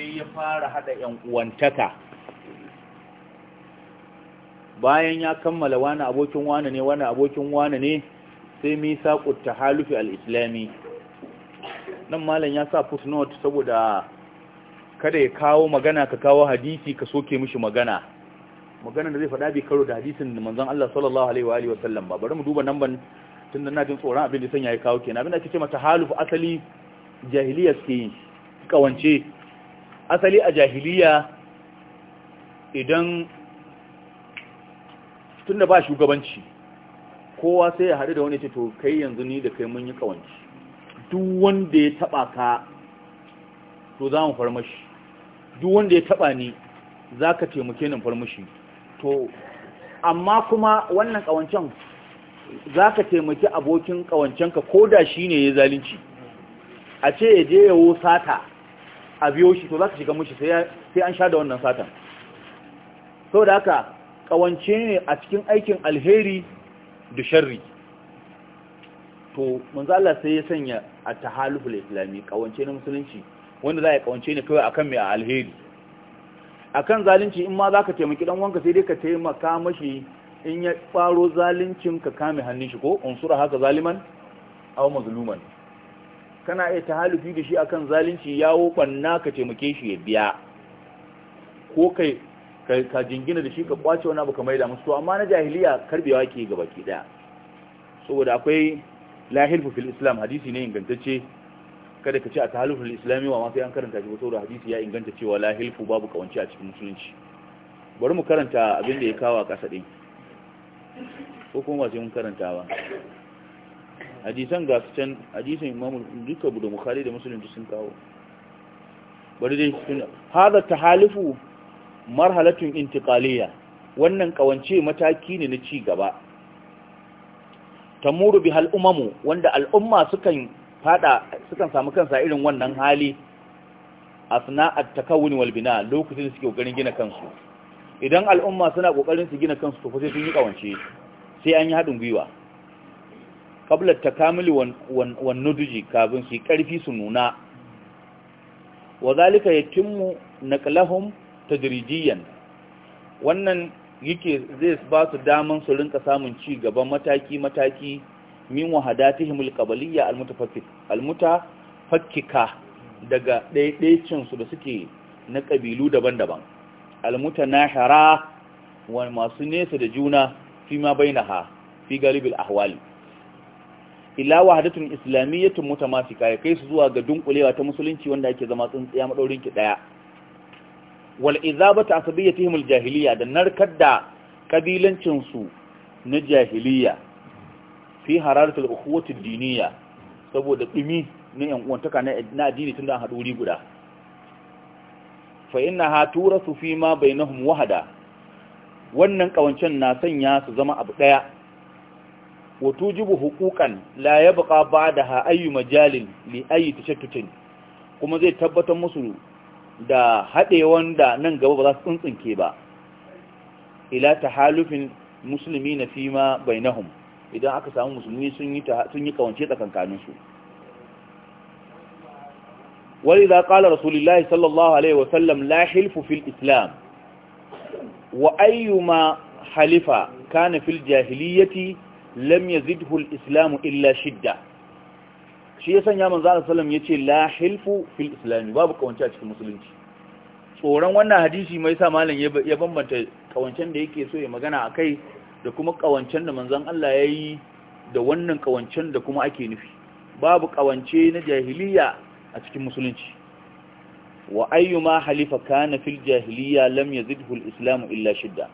sai ya fara hada ƴan uwantaka bayan ya kammala wani abokin wani ne wani abokin wani ne sai misaqut tahalufi halufi al'islami nan malam ya sa footnote saboda kada ya kawo magana ka kawo hadisi ka soke mishi magana magana da zai faɗa bai karo da hadisin da manzan Allah sallallahu alaihi wa alihi wasallam ba bari mu duba nan ban tunda ina jin tsoron abin da sanya ya kawo kenan abin da ake mata halufu asali jahiliya ke yin kawance asali a jahiliya idan tun da ba shugabanci kowa sai ya haɗu da wani to kai yanzu ni da kai mun yi kawanci duk wanda ya taɓa ka to za mu farmashi duk wanda ya taɓa ni za ka taimake ni farmashi to amma kuma wannan kawancen za ka taimaki abokin kawancenka ko da shi ne ya zalinci a ce ya je ya sata a biyo shi to za ka shiga mushi sai an sha da wannan satan sau da haka ƙawance ne a cikin aikin alheri da sharri to manzo sai ya sanya a tahaluful islami ƙawance na musulunci wanda za a yi ƙawance ne kawai akan mai a alheri a kan zalunci in ma zaka taimaki dan wanka sai dai ka taimaka mashi in ya faro zaluncin ka kame hannun shi ko unsura haka zaliman au kana iya tahalufi da shi a kan zalunci yawo banna ka taimake shi ya biya ko kai ka jingina da shi ka kwace wani abu ka maida musu amma na jahiliya karbewa ke gaba ke daya saboda akwai lahilfu fil islam hadisi ne ingantacce kada ka ce a tahalufin islami wa masu yan karanta shi ba saboda hadisi ya inganta cewa lahilfu babu kawanci a cikin musulunci bari mu karanta abin da ya kawo a ƙasa ɗin ko kuma ba mun karanta ba hadisan ga su can hadisan imamu duka da bukhari da musulunci sun kawo bari dai su hada tahalifu marhalatun intiqaliyya wannan kawance mataki ne na ci gaba tamuru bihal umamu wanda al'umma sukan fada sukan samu kansa irin wannan hali asna at-takawun wal bina lokacin da suke kokarin gina kansu idan al'umma suna kokarin su gina kansu to fa sai sun yi kawance sai an yi hadin gwiwa ta kamili wannan duji kafin su karfi su nuna wa zalika yatimmu naqlahum tadrijiyan wannan yake zai ba su daman su rinka samun ci gaban mataki mataki min wahadatihimul qabaliyya almutafakkik almutafakkika daga daidaicin su da suke na kabilu daban-daban shara wa masu nesa da juna fi ma bainaha fi galibil ahwali ila wahdatun islamiyyatun mutamafika ya kai su zuwa ga dunkulewa ta musulunci wanda ake zama tsuntsiya madaurin ki daya wal izabatu asabiyatihim al jahiliya da narkar da kabilancin su na jahiliya fi hararatul ukhuwati diniya saboda dimi na yan uwantaka na addini tunda an haɗu wuri guda fa tura turasu fi ma bainahum wahada wannan kawancen na sanya su zama abu daya wa tujibu huquqan la yabqa ba'daha ayyu majalin li ayyi kuma zai tabbatar musu da hadewan da nan gaba ba za su tsuntsunke ba ila tahalufin na fima bainahum idan aka samu musulmi sun yi sun yi kawance tsakankanin su ولذا قال رسول sallallahu alaihi الله عليه وسلم لا islam wa ayyuma halifa حلف كان في lam yazidhu al-islamu illa shidda shi ya sanya manzo Allah sallam yace la hilfu fil islam babu kawance a cikin musulunci tsoron wannan hadisi mai sa malam ya bambanta kawancen da yake so ya magana akai da kuma kawancen da manzon Allah yayi da wannan kawancen da kuma ake nufi babu kawance na jahiliya a cikin musulunci wa ayyuma halifa kana fil jahiliya lam yazidhu al-islam illa shidda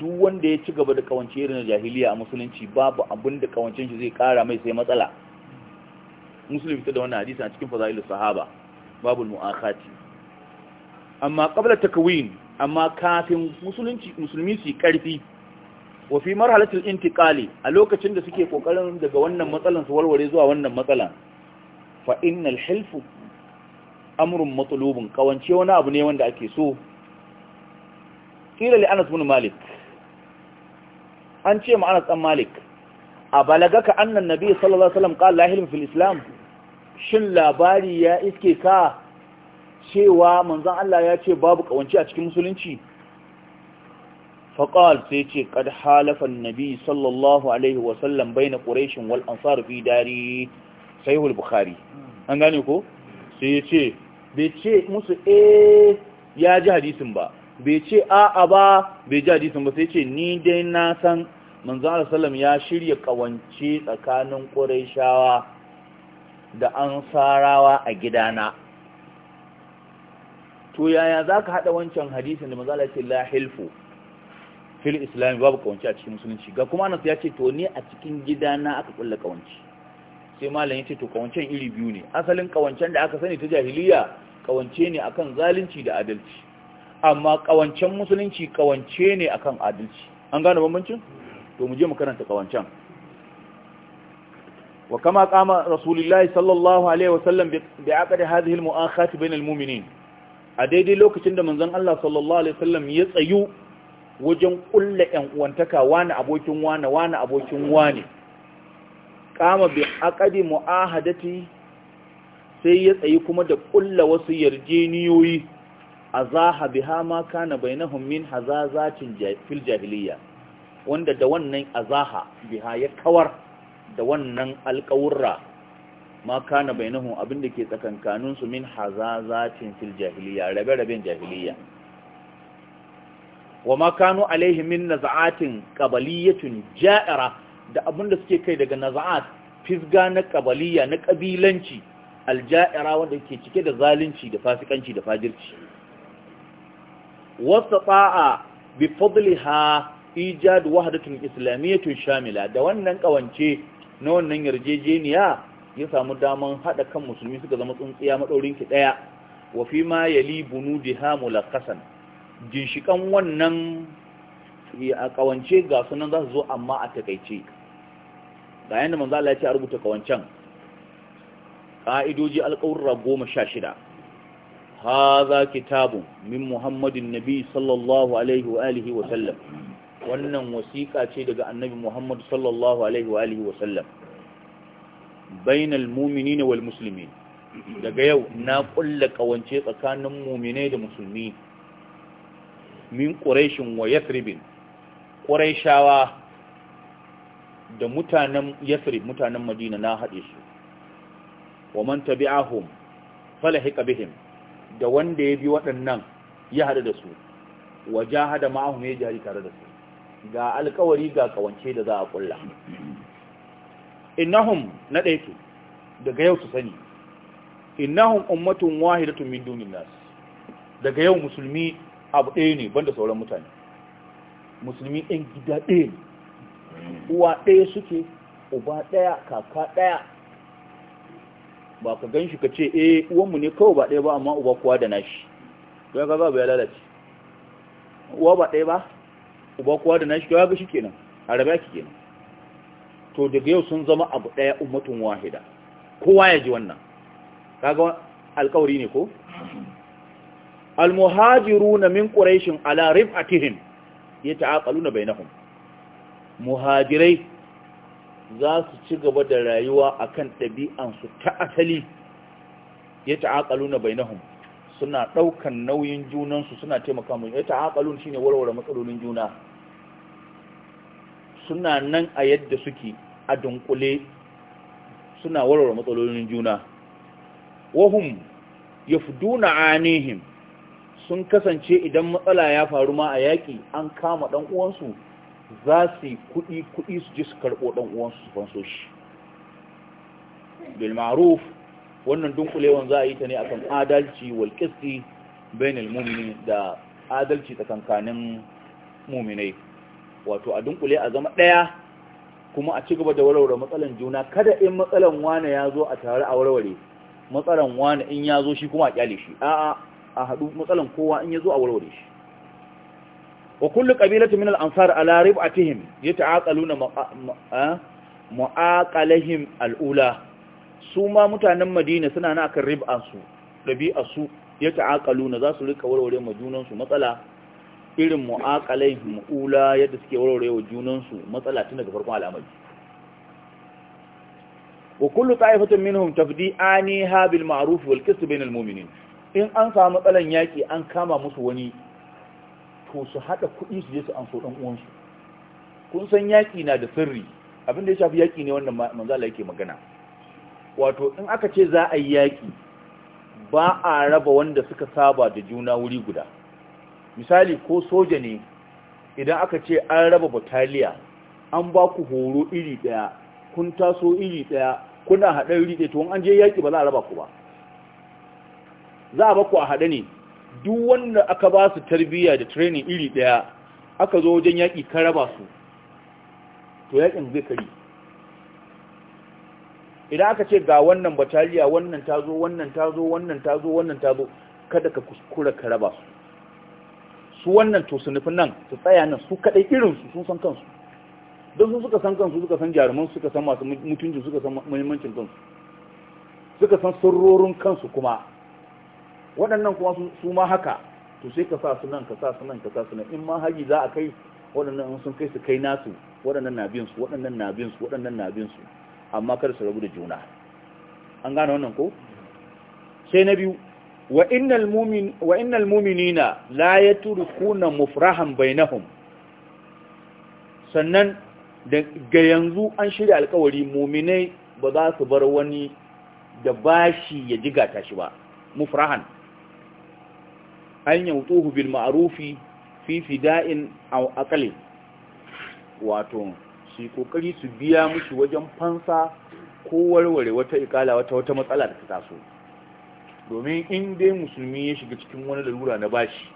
duk wanda ya ci gaba da kawance irin jahiliya a musulunci babu abin da kawancin shi zai kara mai sai matsala musulun fitar da wannan hadisa a cikin fazailu sahaba babu mu'akati amma qabla takwin amma kafin musulunci musulmi su karfi wa fi marhalatil intiqali a lokacin da suke kokarin daga wannan matsalan su warware zuwa wannan matsalan fa innal hilf amrun matlubun kawance wani abu ne wanda ake so kila li Anas bin Malik an ce ma'anas ɗan malik a balagaka annan nabi sallallahu alaihi wasallam qala lahil fil islam shin labari ya iske ka cewa manzon Allah ya ce babu kawanci a cikin musulunci faqal sai ce kad halafa annabi sallallahu alaihi wasallam baina quraish wal ansar fi dari sahihul bukhari an gane ko sai ya ce bai ce musu eh ya ji hadisin ba bai ce a'a ba bai ji hadisin ba sai ce ni dai na san manzo sallam ya shirya kawance tsakanin ƙuraishawa da ansarawa a gidana to yaya za ka haɗa wancan hadisin da Allah ce la hilfu fil islam babu ƙawance a cikin musulunci ga kuma nasu ya ce to ni a cikin gidana aka ƙulla ƙawance sai malam ya ce to ƙawancen iri biyu ne asalin ƙawancen da aka sani ta jahiliya ƙawance ne akan zalunci da adalci amma kawancen musulunci kawance ne akan adalci an gane bambancin to mu je mu karanta kawancan wa kama kama rasulullahi sallallahu alaihi wasallam bi aqdi hadhihi al mu'akhati bain al mu'minin a daidai lokacin da manzon Allah sallallahu alaihi wasallam ya tsayu wajen kulle yan uwantaka wani abokin wani wani abokin wani kama bi aqdi mu'ahadati sai ya tsayi kuma da kulla wasu yarjeniyoyi a azaha biha ma kana bainahum min hazazatin fil jahiliya wanda da wannan azaha biha ya kawar da wannan alƙawurra ma kana bainahu abin da ke tsakankanin su min hazazatin fil jahiliya rabe-raben jahiliya wa ma kanu alaihi min naz'atin qabaliyatun ja'ira da abin suke kai daga naz'at fisga na qabaliya na kabilanci alja'ira wanda ke cike da zalunci da fasikanci da fajirci wastata'a bi fadliha ijad wahdatun islamiyyatun shamila da wannan kawance na wannan yarjejeniya ya samu daman hada kan musulmi suka zama tsuntsiya madaurin ki daya wa fi ma yali bunudiha mulaqasan ginshikan wannan eh, a kawance ga sunan za su zo amma a takaice ga yanda manzo Allah ya ce a rubuta kawancen ka'idoji alƙawurra goma sha shida haza kitabun min muhammadin nabi sallallahu alaihi wa alihi wa sallam wannan wasiƙa ce daga annabi Muhammad sallallahu alaihi wa alihi wasallam bainal mu'minina wal musulmi daga yau na ƙulla ƙawance tsakanin mu'mine da musulmi min quraishin wa yathrib quraishawa da mutanen yathrib mutanen madina na haɗe su wa man tabi'ahum falahiqa bihim da wanda ya bi waɗannan ya haɗu da su wa jahada ma'ahum ya jari tare da su ga alkawari ga kawance da za a kulla innahum na ɗaya ke daga yau su sani innahum ummatun wahidatun min dunin nas daga yau musulmi abu ɗaya ne banda sauran mutane musulmi ɗin gida ɗaya ne uwa ɗaya suke uba ɗaya kaka ɗaya ba ka gan shi ka ce eh uwanmu ne kawai ba ɗaya ba amma uba kuwa da nashi don ka za ba ya lalace uwa ba ɗaya ba uba kowa da nashi ya shi kenan a raba ki kenan to daga yau sun zama abu daya ummatun wahida kowa ya ji wannan kaga alƙawari ne ko almuhajiruna min quraishin ala rifatihim yata'aqaluna bainahum muhajirai za su ci gaba da rayuwa akan ɗabi'ansu ta asali na bainahum suna ɗaukan nauyin junansu suna taimaka mu shi ne warware matsalolin juna suna nan a yadda suke a dunkule suna warware matsalolin juna wahum yafduna anihim sun kasance idan matsala ya faru ma a yaƙi an kama ɗan'uwansu za su yi kuɗi kuɗi su ji su karɓo ɗan uwansu su fanso shi bil ma'ruf wannan dunkulewan za a yi ta ne akan adalci wal qisti bainal mu'minin da adalci tsakankanin mu'minai wato a dunkule a zama ɗaya kuma a ci gaba da warware matsalan juna kada in matsalan wane ya zo a tare a warware matsalan wane in ya zo shi kuma a kyale shi a'a a haɗu matsalan kowa in ya zo a warware shi wa kullu qabilatu min al-ansar ala rib'atihim yata'aqaluna mu'aqalahum al-ula su ma mutanen Madina suna na akan rib'ansu dabi'arsu yata'aqaluna za su rika warware majunan su matsala irin mu'aqalai mu'ula yadda suke warware wa junansu matsala tun daga farkon al'amari wa kullu ta'ifatin minhum tafdi'ani ha bil ma'ruf wal qist bainal mu'minin in an samu matsalan yaki an kama musu wani to su hada kuɗi su je su anso dan uwansu kun san yaki na da sirri abin da ya shafi yaki ne wanda manzo Allah yake magana wato in aka ce za a yi yaki ba a raba wanda suka saba da juna wuri guda misali ko soja ne idan aka ce an raba bataliya an ba ku horo iri daya kun taso iri daya kuna haɗe iri daya to an je yaƙi ba za a raba ku ba za a baku a haɗe ne duk wanda aka ba su tarbiyya da training iri daya aka zo wajen yaƙi ka raba su to yaƙin zai kari idan aka ce ga wannan bataliya wannan tazo wannan tazo wannan tazo wannan tazo kada ka kuskura ka raba su su wannan to su nufin nan su tsaya nan su kaɗai irin su sun san kansu don sun suka san kansu suka san jaruman suka san masu mutuncin suka san muhimmancin kansu suka san sirrorin kansu kuma waɗannan kuma su ma haka to sai ka sa su nan ka sa su nan ka sa su nan in ma haji za a kai waɗannan sun kai su kai nasu waɗannan na bin su waɗannan na bin su waɗannan na bin su amma kada su rabu da juna an gane wannan ko sai na biyu wa innal muminina la ya turkuna mufrahan bainahum sannan ga yanzu an shirya alkawari muminai ba za su bar wani da bashi ya jigata shi ba mufrahan an tuhu bil ma'arufi fi fida'in aw wato su kokari su biya mushi wajen fansa ko warware wata ikala wata wata matsala da ta taso domin in dai musulmi ya shiga cikin wani lalura na bashi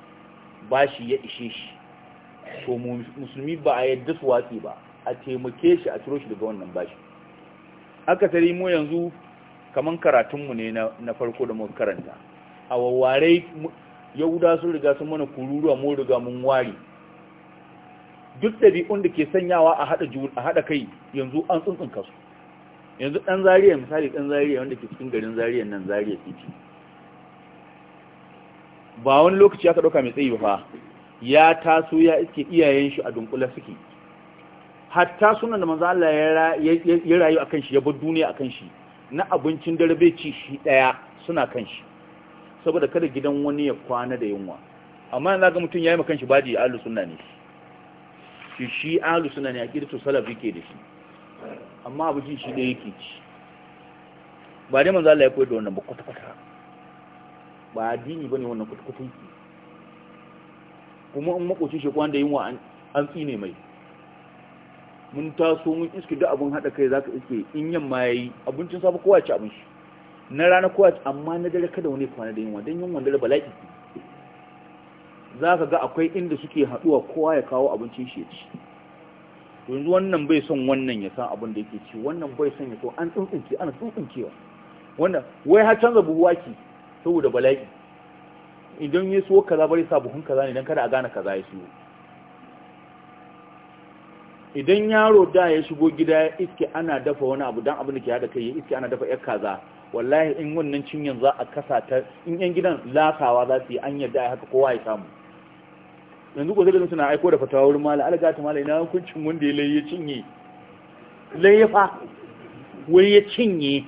bashi ya ishe shi to musulmi ba a yadda su watsi ba a taimake shi a ciro shi daga wannan bashi aka tari mu yanzu kaman karatunmu ne na farko da muka karanta a wawware yahuda sun riga sun mana kururuwa mun riga mun ware duk ɗabi'un da ke sanyawa a haɗa kai yanzu an tsuntsunka su yanzu ɗan zariya misali ɗan zariya wanda ke cikin garin zariya nan zariya titi ba wani lokaci aka ɗauka mai tsayi ba ya taso ya iske iyayen shi a dunkula suke hatta sunan da manzo Allah ya rayu akan shi ya bar duniya akan shi na abincin dare bai ci shi daya suna kan shi saboda kada gidan wani ya kwana da yunwa amma yanzu ga mutum yayi makan shi baji ahlus sunna ne shi shi ahlus sunna ne to salafi ke da shi amma abujin shi da yake ci ba dai manzo Allah ya koyar da wannan ba kwata kwata ba addini bane wannan kutukutunki kuma in makocin shi kwanda wa an tsine mai mun taso mun iske duk abin haɗa kai zaka iske in yamma yayi abincin safe kowa ya ci abin shi na rana kowa ci amma na dare kada wani kwana da yin wa dan yunwa wanda bala'i zaka ga akwai inda suke haɗuwa kowa ya kawo abincin shi ya ci yanzu wannan bai son wannan ya san abin da yake ci wannan bai son ya so an tsuntsunke ana tsuntsunkewa wannan wai har canza buhuwa ki saboda bala'i idan ya so kaza bari sa buhun kaza ne don kada a gane kaza ya siyo idan yaro da ya shigo gida ya iske ana dafa wani abu don abin da ke haɗa kai ya iske ana dafa yar kaza wallahi in wannan cinyan za a kasa ta in yan gidan lasawa za su yi an yarda a haka kowa ya samu yanzu ko zai suna aiko da fatawa wurin mala alaga ta mala ina hukuncin wanda ya laye cinye laye fa wai ya cinye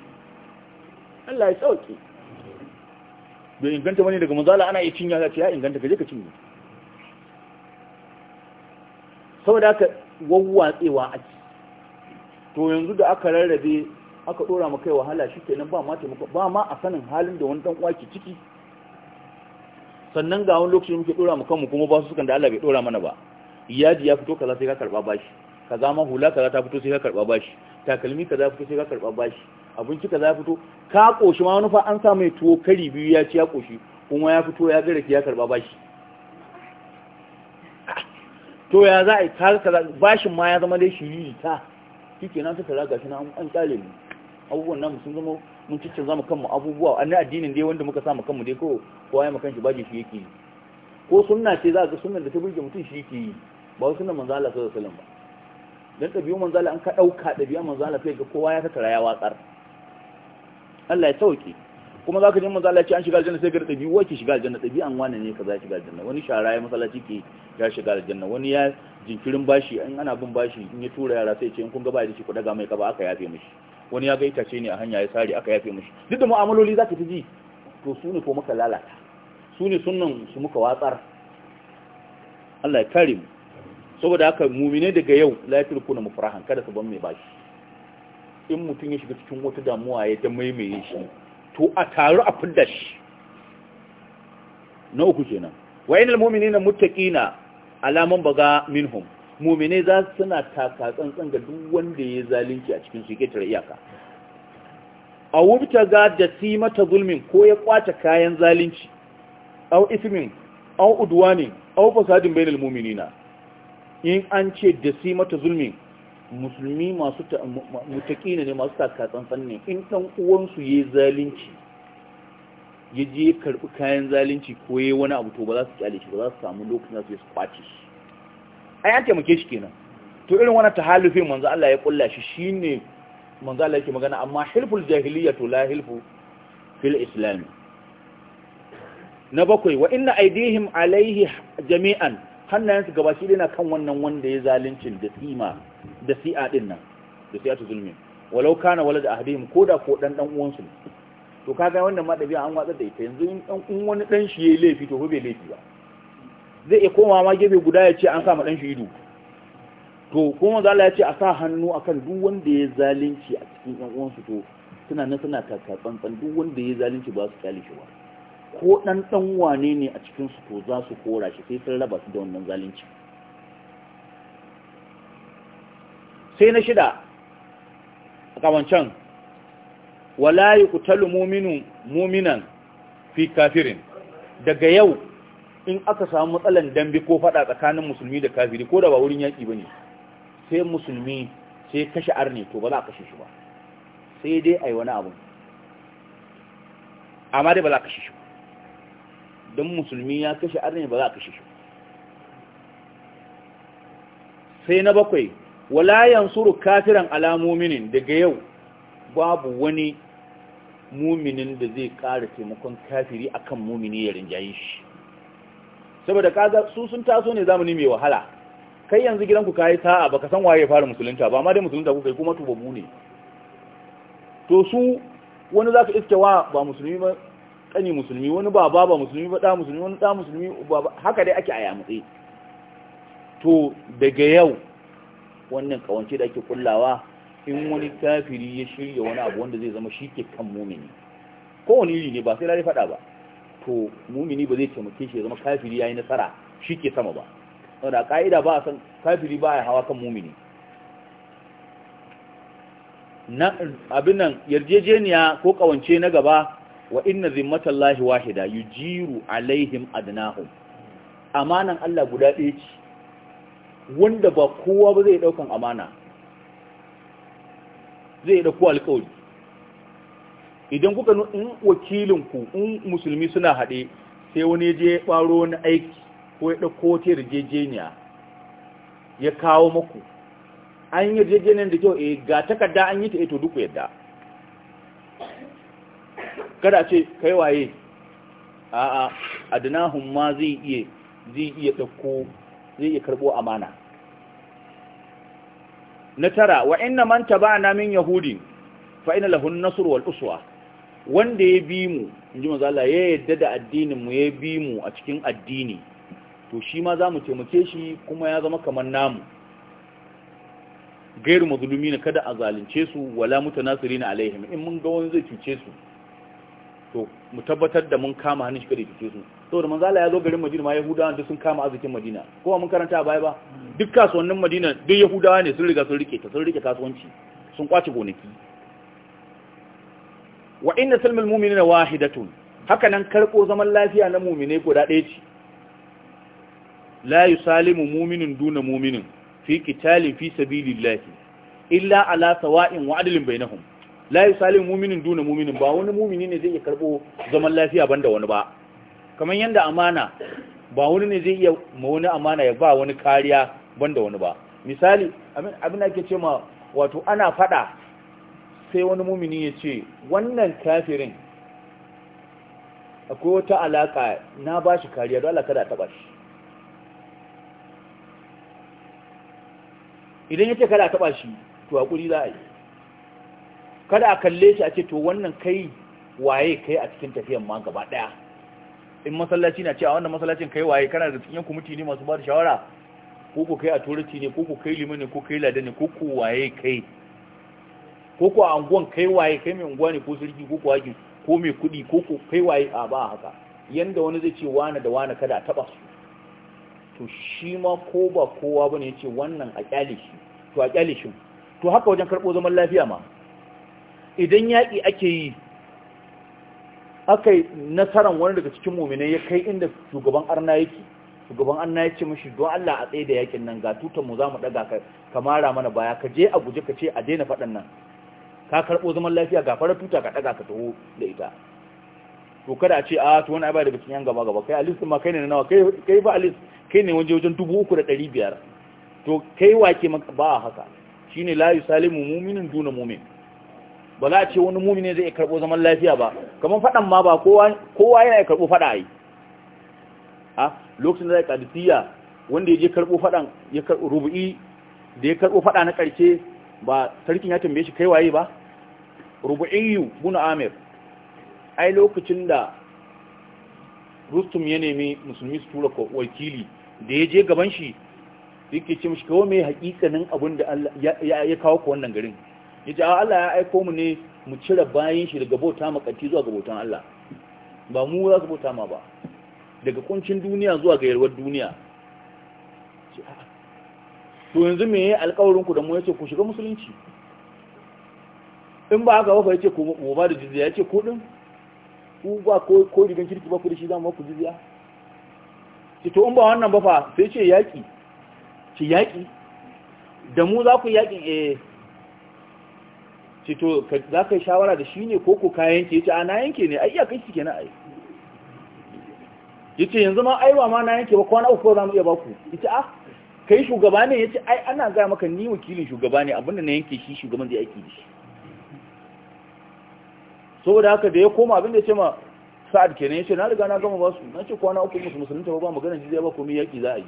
Allah ya sauke da inganta wani daga manzala ana iya cinya za ta ya inganta ka je ka cinye saboda haka wawwatsewa a ci to yanzu da aka rarrabe aka dora maka kai wahala shi kenan ba ma taimako ba ma a sanin halin da wani dan uwa ke ciki sannan ga wani lokacin muke dora maka mu kuma ba su sukan da Allah bai dora mana ba yaji ya fito kaza sai ka karba bashi kaza ma hula kaza ta fito sai ka karba bashi takalmi kaza fito sai ka karba bashi abinci za ya fito ka koshi ma wani fa an sa mai tuwo kari biyu ya ci ya koshi kuma ya fito ya gara ki ya karba bashi to ya za a yi kaza bashin ma ya zama dai yi ta kike na suka raga shi na an kyale mu abubuwan namu sun zama mun ciccin zama kanmu abubuwa an addinin dai wanda muka samu kanmu dai kawai kowa ya makan shi baje shi yake yi ko sunna ce za ga sunan da ta burge mutum shi yake yi ba wasu sunan manzala Allah sallallahu alaihi wasallam ba dan ɗabi'un manzala an ka dauka ɗabi'un manzala sai ga kowa ya tattara ya watsar Allah ya sauke kuma zaka ji manzo Allah an shiga aljanna sai ka dabi wai ki shiga aljanna dabi an wani ne kaza shiga aljanna wani shara ya masallaci ke ya shiga aljanna wani ya jinkirin bashi an ana bin bashi in ya tura yara sai ce in kun ga ba da shi ku daga mai kaba aka yafe mishi wani ya ga itace ne a hanya ya sare aka yafe mishi duk da mu'amaloli zaka ta ji to su ne ko muka lalata su ne sunnan su muka watsar Allah ya kare mu saboda haka mumine daga yau ku na mufrahan kada su ban mai bashi in mutum ya shiga cikin wata damuwa ya ta maimaye shi to a taru a fidda shi na uku kenan wa inal mu'minina muttaqina alaman baga minhum mumini za su suna taka tsantsan ga duk wanda ya zalunci a cikin suke tare iyaka a wubta ga da mata zulmin ko ya kwace kayan zalunci au ismin au udwani au fasadin bainal mu'minina in an ce da mata zulmin musulmi masu mutaki ne masu takatsantsan ne in ɗan uwansu ya zalunci ya je karɓi kayan zalunci ko ya wani abu to ba za su kyale shi ba za su samu lokacin za su yi su kwace shi ai an taimake shi kenan to irin wani tahalufin manzo Allah ya kulla shi shine manzo Allah yake magana amma hilful jahiliya to la hilfu fil islam na bakwai wa inna aidihim alaihi jami'an hannayensu gaba shi na kan wannan wanda ya zalincin da sima da si'a din nan da si'a ta zulmi walau kana wala da ahadihim ko da ko dan dan uwansu to kaga wannan ma an watsar da ita yanzu in dan un wani dan shi yayi laifi to bai laifi ba zai iya koma ma gefe guda ya ce an sa ma dan shi ido to kuma za Allah ya ce a sa hannu akan duk wanda ya zalunci a cikin yan uwansu to suna nan suna takatsantsan duk wanda ya zalunci ba su kyale shi ba ko ɗan ɗan wane ne a cikinsu to za su kora shi sai sun raba su da wannan zalunci sai na shida a kawancan wala ku kutalu muminan fi kafirin daga yau in aka samu matsalan dambe ko fada tsakanin musulmi da kafiri ko da ba wurin yaƙi ba ne sai musulmi sai kashe arne to ba za a kashe shi ba sai dai a yi wani abu amma dai ba za a kashe shi ba don musulmi ya kashe arne ba za a kashe shi sai na bakwai walayan suru kafiran alamominin daga yau babu wani muminin da zai kara taimakon kafiri akan mumini ya rinjaye shi saboda kaga su sun taso ne zamani mai wahala kai yanzu gidanku kayi sa'a baka san waye fara musulunta ba amma dai musulunta ku kai kuma tubabu ne to su wani za ka iske wa ba musulmi ba kani musulmi wani baba ba musulmi ba da musulmi wani da musulmi ba haka dai ake a mutse to daga yau wannan kawance da ake kullawa in wani kafiri ya shirya wani abu wanda zai zama shi ke kan mumini wani iri ne ba sai lare faɗa ba to mumini ba zai taimake shi ya zama kafiri ya yi nasara shi ke sama ba saboda ka'ida ba a san kafiri ba a hawa kan mumini abin nan yarjejeniya ko kawance na gaba wa inna zimmatallahi wahida yujiru alaihim adnahum amanan Allah guda ɗaya ce wanda ba kowa ba zai daukan amana zai dauko alƙawari idan kuka in wakilin ku in musulmi suna haɗe sai wani je ɓaro wani aiki ko ya ɗauko ta yarjejeniya ya kawo maku an yi yarjejeniyar da kyau eh ga takarda an yi ta ito eh, duk yadda kada ce kai waye a'a adnahum ma zai iya zai iya dauko zai iya karbo amana na tara wa inna man tabana min yahudi fa inna lahu an-nasr wal uswa wanda ya bi mu inji manzo Allah ya yadda da addinin mu ya bi mu a cikin addini to shi ma zamu taimake shi kuma ya zama kamar namu gairu mazlumina ne kada a zalunce su wala mutanasirina alaihim in mun ga wani zai cuce su to mu tabbatar da mun kama hannun shi kare jikinsu, su saboda Manzala ya zo garin Madina ma Yahudawa duk sun kama arzikin Madina ko mun karanta a baya ba duk kasuwannin Madina duk Yahudawa ne sun riga sun rike ta sun rike kasuwanci sun kwace gonaki wa inna salmul mu'minina wahidatun haka nan karko zaman lafiya na mu'mine guda ɗaya ce la yusalimu mu'minun duna mu'minin fi qitalin fi sabilillahi illa ala sawa'in wa adlin bainahum la yusalim mu'minin duna mu'minin ba wani mu'mini ne zai iya karbo zaman lafiya banda wani ba kamar yadda amana ba wani ne zai iya ma wani amana ya ba wani kariya banda wani ba misali abin da ake ce ma wato ana fada sai wani mu'mini ya ce wannan kafirin akwai wata alaka na ba shi kariya don alaka kada taɓa shi idan ya kada taɓa shi to hakuri za a yi kada a kalle shi a ce to wannan kai waye kai a cikin tafiyan ma gaba daya in masallaci na ce a wannan masallacin kai waye kana da cikin kwamiti ne masu ba da shawara ko ku kai a turiti ne ko ku kai liman ne ko kai lada ne ko ku waye kai ko ku a anguwan kai waye kai mai unguwa ne ko sarki ko ku waje ko mai kudi ko ku kai waye a ba haka yanda wani zai ce wani da wani kada a taba su to shi ma ko ba kowa bane ya ce wannan a kyale shi to a kyale shi to haka wajen karɓo zaman lafiya ma idan yaƙi ake yi aka yi nasarar wani daga cikin mominai ya kai inda shugaban arna yake shugaban arna ya ce mashi don Allah a tsaye da yakin nan ga mu za mu ɗaga ka kamara mana baya ka je a guje ka ce a daina faɗan nan ka karɓo zaman lafiya ga farar tuta ka ɗaga ka taho da ita to kada a ce a ah, to wani abai daga cikin yan gaba gaba kai alis ma kai ne na nawa kai ba alis kai ne waje wajen dubu uku da ɗari biyar to kai wake ba a haka shine la yusalimu muminin duna mumin ba za a ce wani ne zai karɓo zaman lafiya ba kamar faɗan ma ba kowa yana ya karɓo faɗa yi a lokacin da zai ƙadisiyya wanda ya je karɓo faɗan ya karɓo rubu'i da ya karɓo faɗa na ƙarshe ba sarkin ya tambaye shi kai waye ba rubu'iyu bunu amir ai lokacin da rustum ya nemi musulmi su tura wakili da ya je gaban shi yake ce mashi kawo mai haƙiƙanin abin da ya kawo ku wannan garin yace a Allah ya aiko mu ne mu cire bayin shi daga bauta makanti zuwa ga bautan Allah ba mu za su bauta ma ba daga kuncin duniya zuwa ga yarwar duniya to yanzu me yayin alƙawarin ku da mu yace ku shiga musulunci in ba haka wafa yace ku mu ba da jizya yace ku din ku ba ko ko rigan kirki ba ku da shi mu ku jizya ki to in ba wannan ba fa sai ce yaki ki yaki da mu za ku yaƙin eh Cito za ka yi shawara da shi ne ko ko ka yanke yace ce a na yanke ne a iya kai suke na ai Yace ce yanzu ma aiwa ma na yanke ba kwana uku za mu iya baku ya ce a ah, kai shugaba ne ya ce ai ana gaya maka ni wakilin shugaba ne abinda na yanke shi shugaban zai aiki da shi saboda haka da ya koma abinda ya ce ma sa'ad kenan ya ce na riga na gama ba su na ce kwana uku musu musulunta ba ba magana shi zai ba komai yaki za a yi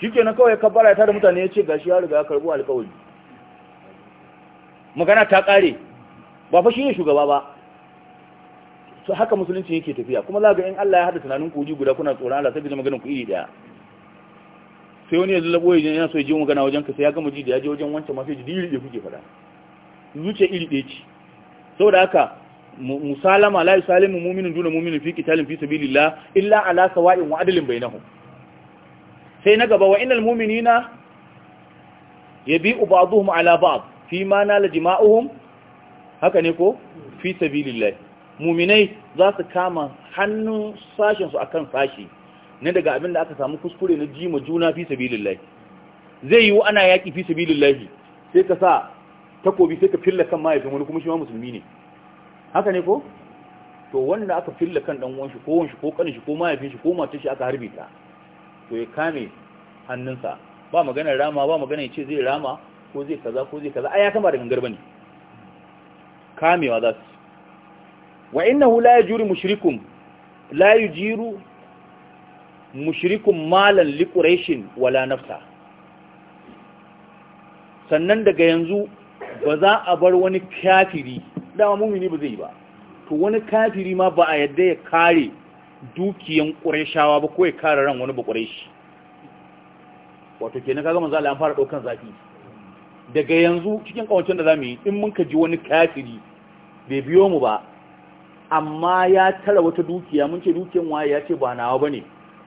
shi kawai ya kabbara ya tada mutane ya ce gashi ya riga ya karbo alƙawari. magana ta ƙare ba fa shine shugaba ba to haka musulunci yake tafiya kuma za ga in Allah ya hada tunanin ku guda kuna tsoron Allah sai ga maganar ku iri daya sai wani ya lallabo ya yana so ya je magana wajen ka sai ya gama ji da ya je wajen wancan ma sai ji iri da kuke faɗa zuciya iri ɗaya ce saboda haka musalama la yusalimu mu'minun duna mu'minin fi qitalin fi sabilillah illa ala sawa'in wa adlin bainahum sai na gaba wa innal mu'minina yabi'u ba'dhum ala ba'd fi ma nala jima'uhum haka ne ko fi sabilillah muminai za su kama hannun sashen su akan sashi ne daga abin da aka samu kuskure na jima juna fi sabilillah zai yi ana yaki fi sabilillah sai ka sa takobi sai ka filla kan mahaifin wani kuma shi ma musulmi ne haka ne ko to wanda aka filla kan dan uwan shi ko wan shi ko kanin shi ko mahaifin shi ko matar shi aka harbe ta to ya kame hannunsa ba maganar rama ba magana ya ce zai rama ko zai kaza ko zai kaza A ya kama da gangar bane kamewa za su wa innahu la yajiru mushrikun la yajiru mushrikun malan li quraishin wala nafsa sannan daga yanzu ba za a bar wani kafiri dama mumini ba zai ba to wani kafiri ma ba a yadda ya kare dukiyan quraishawa ba ko ya kare ran wani ba quraishi wato kenan kaga manzo Allah an fara daukan zafi daga yanzu cikin kawancin da za mu yi in mun ka ji wani kafiri bai biyo mu ba amma ya tara wata dukiya mun ce dukiyan waye ya ce ba nawa ba bane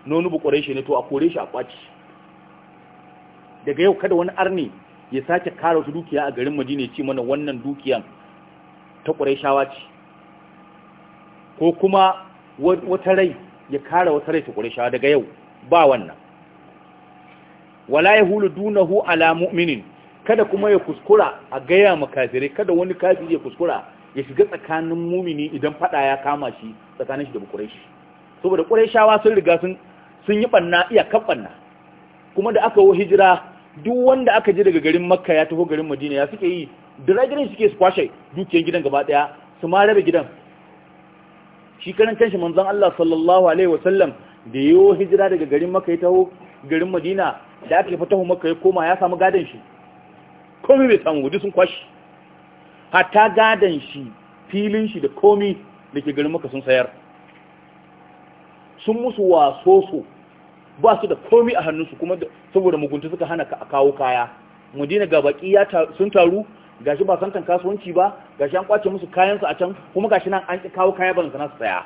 nonu bu shi ne to a kore shi a kwaci daga yau kada wani arni ya sake kara wata dukiya a garin Madina ya ce mana wannan dukiyan ta shawa ce ko kuma wata rai ya kara wata rai ta shawa daga yau ba wannan wala yahulu dunahu ala mu'minin kada kuma ya kuskura a gaya ma kafirai kada wani kafiri ya kuskura ya shiga tsakanin mumini idan fada ya kama shi tsakanin shi da quraishi saboda quraishawa sun riga sun sun yi banna iya kafanna kuma da aka wo hijira duk wanda aka je daga garin makka ya taho garin madina ya suke yi dragirin suke su kwashe dukiyar gidan gaba daya su ma rabe gidan shi karan kanshi manzon Allah sallallahu alaihi wasallam da yo hijira daga garin makka ya taho garin madina da aka fatahu makka ya koma ya samu gadon shi komi bai samu guji sun kwashi hatta gadon shi filin shi da komi da ke garin maka sun sayar sun musu waso su ba su da komai a hannunsu kuma saboda mugunta suka hana ka kawo kaya madina ga baki ya sun taru gashi ba kan kasuwanci ba gashi an kwace musu kayansu a can kuma gashi nan an kawo kaya ba sana saya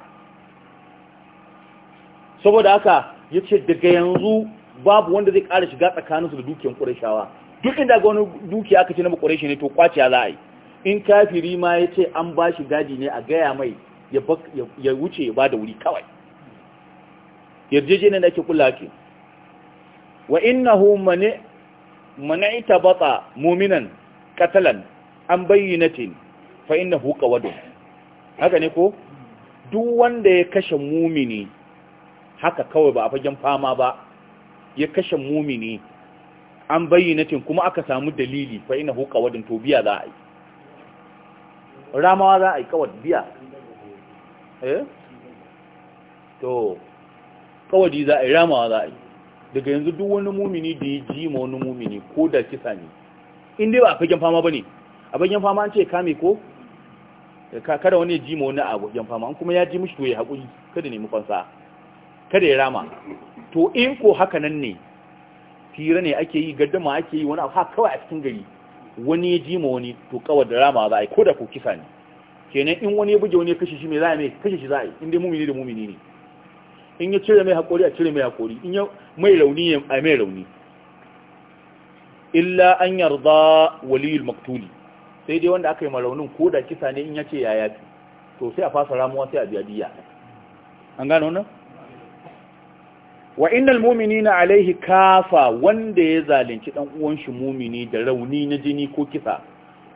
saboda haka ya ce daga yanzu babu wanda zai ƙara shiga tsakaninsu da dukiyar kurashawa duk inda ga wani dukiya aka ce na makwarashi ne to kwace za a yi in kafiri ma ya ce an ba shi gadi ne a gaya mai ya wuce ba da wuri kawai yarjejeniyar da ake kula ke wa mana mana'ita batsa muminan katalan an bayyanatin fa innahu qawadun haka ne ko duk wanda ya kashe mumini haka kawai ba a fagen fama ba ya kashe mumini an bayyanatin kuma aka samu dalili fa ina huka wadin to biya za a yi ramawa za a yi kawad biya eh to kawadi za a yi ramawa za a yi daga yanzu duk wani mumini da ya ji ma wani mumini ko da kisa ne in dai ba a fagen fama ba ne a fagen fama an ce kame ko kada wani ya ji ma wani a fagen fama an kuma ya ji mishi to ya haƙuri kada ne mu fansa kada ya rama to in ko haka nan ne fira ne ake yi gaddama ake yi wani abu haka kawai a cikin gari wani ya ji ma wani to kawai da rama za a yi ko da ko kisa ne kenan in wani ya buge wani ya kashe shi mai za a mai kashe shi za a yi in dai mumini da mumini ne in ya cire mai haƙori a cire mai haƙori in ya mai rauni a mai rauni illa an yarda waliyul maktuli sai dai wanda aka yi maraunin ko da kisa ne in ya ce ya yafi to sai a fasa ramuwa sai a biya diya an gano wannan wa innal mu'minina Alayhi kafa wanda ya zalunci dan uwan shi mu'mini da rauni na jini ko kisa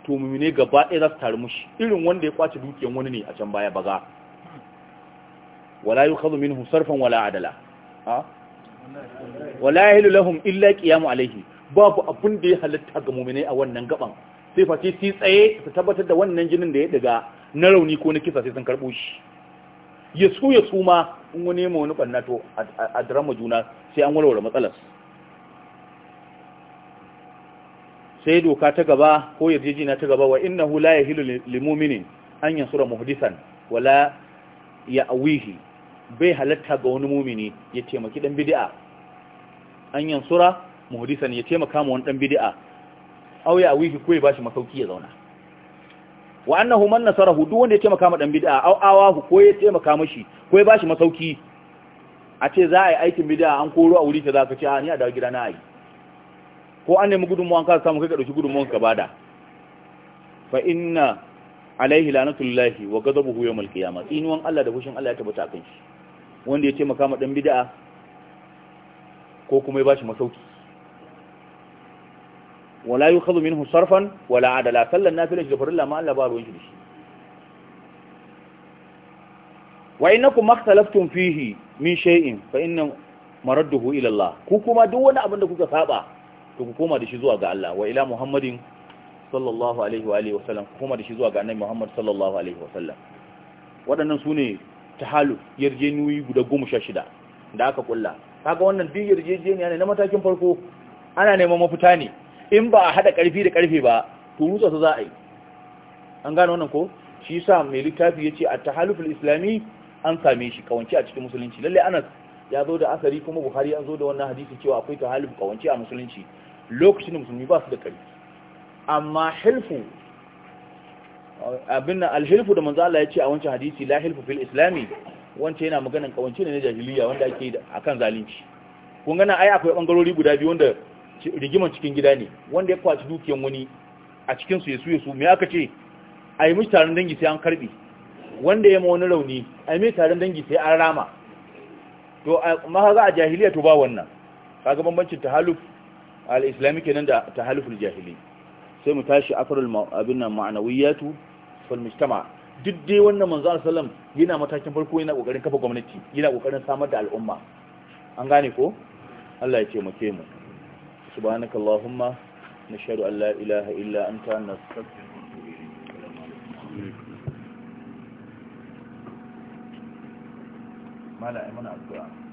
to mu'mine gaba ɗaya za su taru mushi irin wanda ya kwace dukiyar wani ne a can baya baza wala yukhadhu minhu sarfan wala adala ha wala yahlu lahum illa qiyam alayhi, babu abun da ya halatta ga mu'mine a wannan gaban sai face sai tsaye su tabbatar da wannan jinin da ya daga na rauni ko na kisa sai sun karbo shi ya su ya su ma in wani ma wani ɓanna to a drama juna sai an walwala matsalar sai doka ta gaba ko yarjejina ta gaba wa hula ya hilo limominin an sura muhdisan wala ya awihi bai halatta ga wani mumini ya taimaki dan bidi'a an sura muhdisan ya taimaka ma wani dan bidi'a au ya awihi ko ya shi masauki ya zauna wa annahu man nasarahu duk wanda ya taimaka ma dan bid'a aw awahu ko ya taimaka mashi ko ya bashi masauki a ce za a yi aikin bid'a an koro a wuri ta zaka ce a ni a da gida na yi ko an nemi an ka samu kai ka dauki gudunmuwan ka bada fa inna alaihi lanatullahi wa ghadabuhu yawmal qiyamah tsinuwan Allah da fushin Allah ya tabbata kan shi wanda ya taimaka ma dan bid'a ko kuma ya bashi masauki wala yukhadhu minhu sarfan wala adala sallan nafila da farilla ma Allah ba ruwan shi dashi wa innakum makhtalaftum min shay'in fa inna maradduhu ila Allah kuma duk wani abin da kuka saba to ku koma da shi zuwa ga Allah wa Muhammadin sallallahu alaihi wa wa sallam ku koma da shi zuwa ga Annabi Muhammad sallallahu alaihi wa sallam waɗannan sune tahalu yarjeniyoyi guda 16 da aka kulla kaga wannan duk yarjejeniya ne na matakin farko ana neman mafita ne in ba a haɗa ƙarfi da ƙarfe ba to rusa su za a yi an gano wannan ko shi sa mai littafi ya ce a tahaluful islami an same shi kawance a cikin musulunci lalle anas ya zo da asari kuma buhari an zo da wannan hadisi cewa akwai tahaluf kawance a musulunci lokacin da musulmi ba su da ƙarfi amma hilfu abin nan alhilfu da manzo Allah ya ce a wancan hadisi la hilfu fil islami wancan yana maganan kawance ne na jahiliya wanda ake akan zalunci kun gana ai akwai bangarori guda biyu wanda rigiman cikin gida ne wanda ya kwaci dukiyan wani a cikin su ya su ya su aka ce a yi mishi taron dangi sai an karbi wanda ya ma wani rauni a yi mai taron dangi sai an rama to amma za a jahiliya to ba wannan kaga bambancin tahaluf al-islami kenan da tahaluful jahili sai mu tashi afarul abin nan ma'anawiyatu fal mujtama duk dai wannan manzo al sallam yana matakin farko yana kokarin kafa gwamnati yana kokarin samar da al'umma an gane ko Allah ya ce mu ke mu سبحانك اللهم نشهد أن لا إله إلا أنت نستغفرك ما لا أمنا الدعاء